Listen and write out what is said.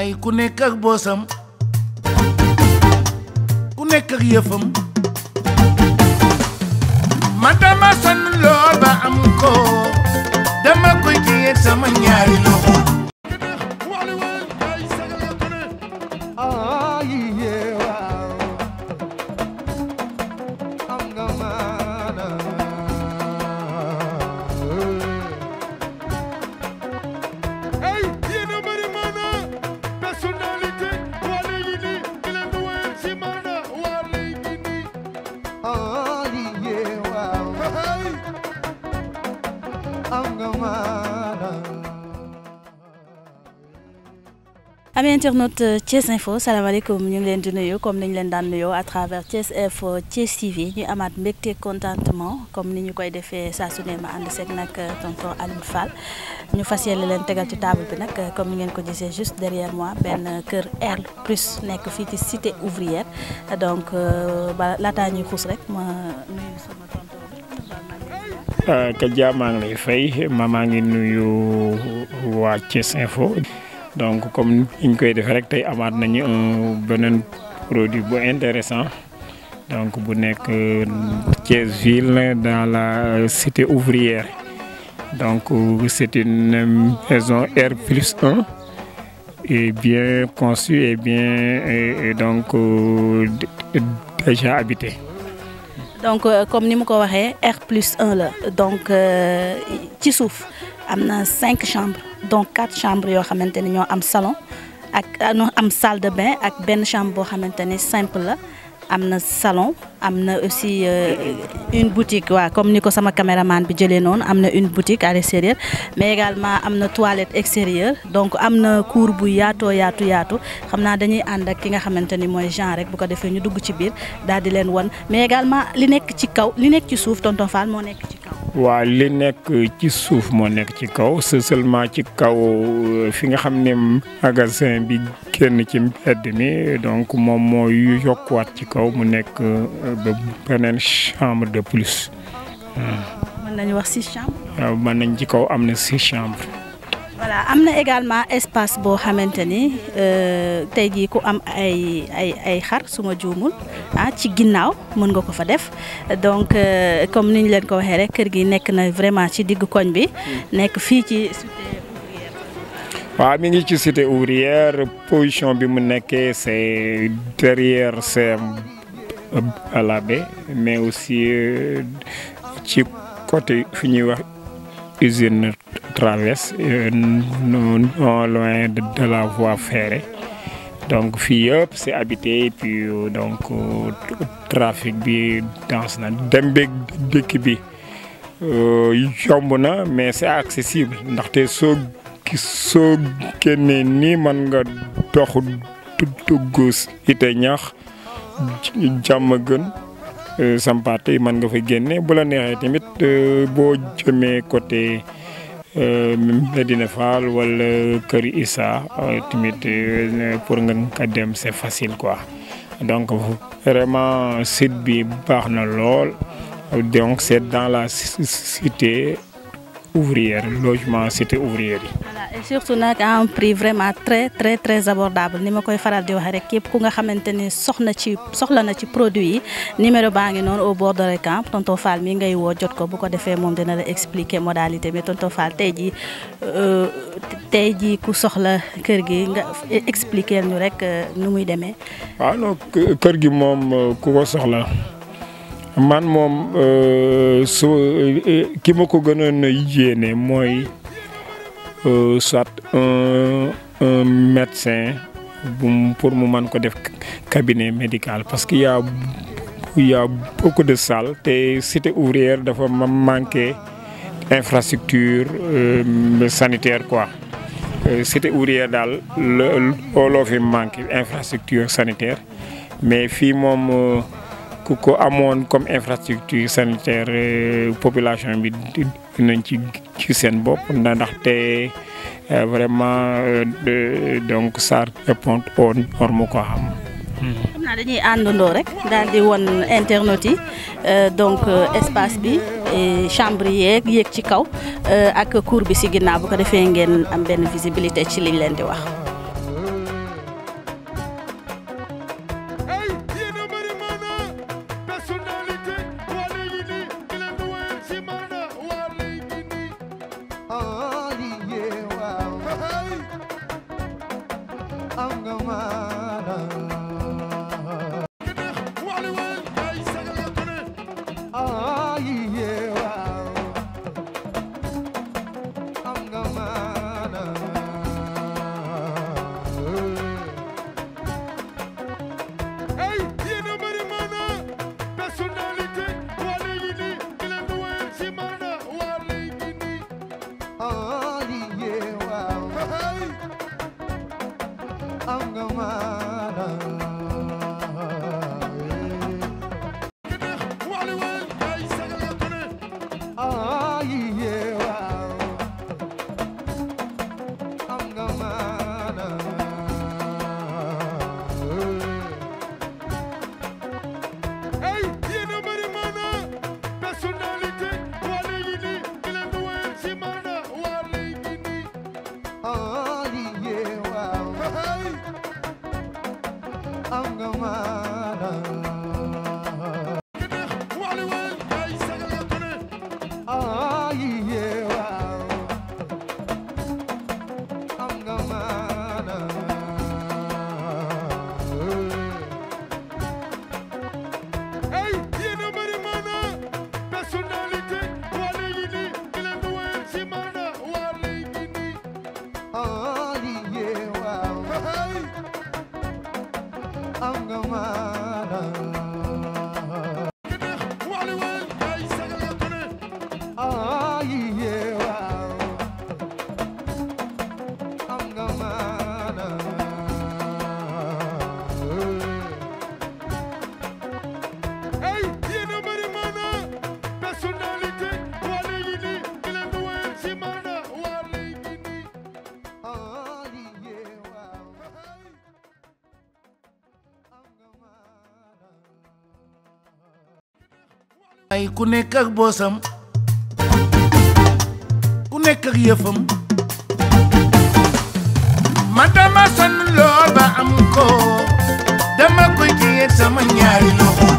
ay ku nekk ak boosam ku nekk ak yëfam ma dama sonn loo ba am ko dama koy téye sama ñaari loxo ami internaute euh, Thiès Info salaamaaleykum ñu ngi leen di nuyu comme ni leen daan nuyoo à travers Thiès Info Thiès TV ñu amaat mbégte contentement comme ni ñu koy defee saa su ne ma nag euh, tonton Alioune Fall ñu fas yéene leen tegal ci table bi nag euh, comme ni ngeen ko gisee juste derrière moi benn kër R plus nekk fii ci cité ouvrière donc ba laataa ñuy xuus rek Euh, Kaja maa ngi lay fay ma ngi nuyu waa Thiès Info. donc comme niñ koy defee tey amaat nañu beneen produit bo intéressant donc bu nekk euh, Thiès ville dans la euh, cité ouvrière donc c'est une maison R plus 1 et bien conçue et bien et donc déjà habitée. donc euh, comme ni mu ko waxee R plus 1 la donc euh, ci suuf am na cinq chambre donc quatre chambres yoo xamante ne ñoo am salon ak ah, ñoo am salle de bain ak benn chambre boo xamante ne simple la am na salon am na aussi euh, une boutique waa comme ni ko sama caméraman bi jëlee noonu am na une boutique à l'extérieur mais également am na toilette extérieure donc am na cour bu yaatoo yaatu yaatu xam naa dañuy ànd ak ki nga xamante ni mooy Jean rek bu ko defee ñu dugg ci biir dal di leen wan mais également li nekk ci kaw li nekk ci suuf tonton moo nekk ci kaw. waaw li nekk ci suuf moo nekk ci kaw c'est ci kaw euh, fi nga xam ne magasin bi. génn ci mbedd mi donc moom moo mooy yokkuwaat ci kaw mu nekk euh, ba beneen chambre de plus. mën nañu wax six chambres. waaw mën nañ ci kaw am na six chambres. voilà am na également espace boo xamante ni euh, tey jii ku am ay ay ay xar su ma juumul ah ci ginnaaw mën nga ko fa def donc euh, comme ni ñu leen ko waxee rek kër gi nekk na vraiment ci diggu koñ bi. Mm. nekk fii ci. waaw mi ngi ci cité ouvrière position bi mu nekkee c'est derrière CM Balabé euh, mais aussi euh, ci côté fi ñuy wax usine traverse euh, non loin de la voie ferrée donc fii yëpp c'est habité et donc trafic bi danse na dem beeg dëkk bi yomb na mais c'est accessible ndaxte soo soo génnee nii man nga dox dugg ite ñax jàmm gën euh, sampaate yi mën nga fa génne bu la neexee tamit euh, boo jëmee côté euh, Medina Fall wala Kër Issa tamit pour nga ka dem c'est facile quoi donc vraiment site bi baax na lool donc c'est dans la cité ouvrière logement cité ouvrière yi. voilà et surtout nag en un prix vraiment très très très abordable ni ma koy faral di waxee rek képp ku nga xamante ni soxna ci soxla na ci produit yi numéro baa ngi noonu au bord de camp tonton Fall mi ngay woo jot ko bu ko defee moom dina la expliquer modalité mais tonton Fall tey jii euh, tey jii ku soxla kër gi nga expliquer ñu rek euh, nu muy demee. waaw ah non kër gi moom euh, ku ko soxla. man moom euh, su euh, euh, ki ma ko gënoon a yéene mooy soit un un médecin bu mu man ko def cabinet médical parce que y a y a beaucoup de salles te cité ouvrière dafa manqué infrastructure sanitaire quoi. cité ouvrière daal looloo fi manqué infrastructure sanitaire mais fii moom. ku ko amoon comme infrastructure sanitaire euh, population bi dinañ ci ci seen bopp na ndaxte euh, vraiment euh, donc ça répond aux normes ko xam naa dañuy àndandoo rek daal di won internautes yi donc espace bi chambre yeeg yéeg ci kaw ak cour bi si ginnaaw bu ko defee ngeen am benn visibilité ci liñ leen di wax xam nga ma xam nga ma am nga maanaam ay ku nekk ak boosam ku nekk ak yëfam ma dama sonn ba am ko dama koy téye sama ñaari loxo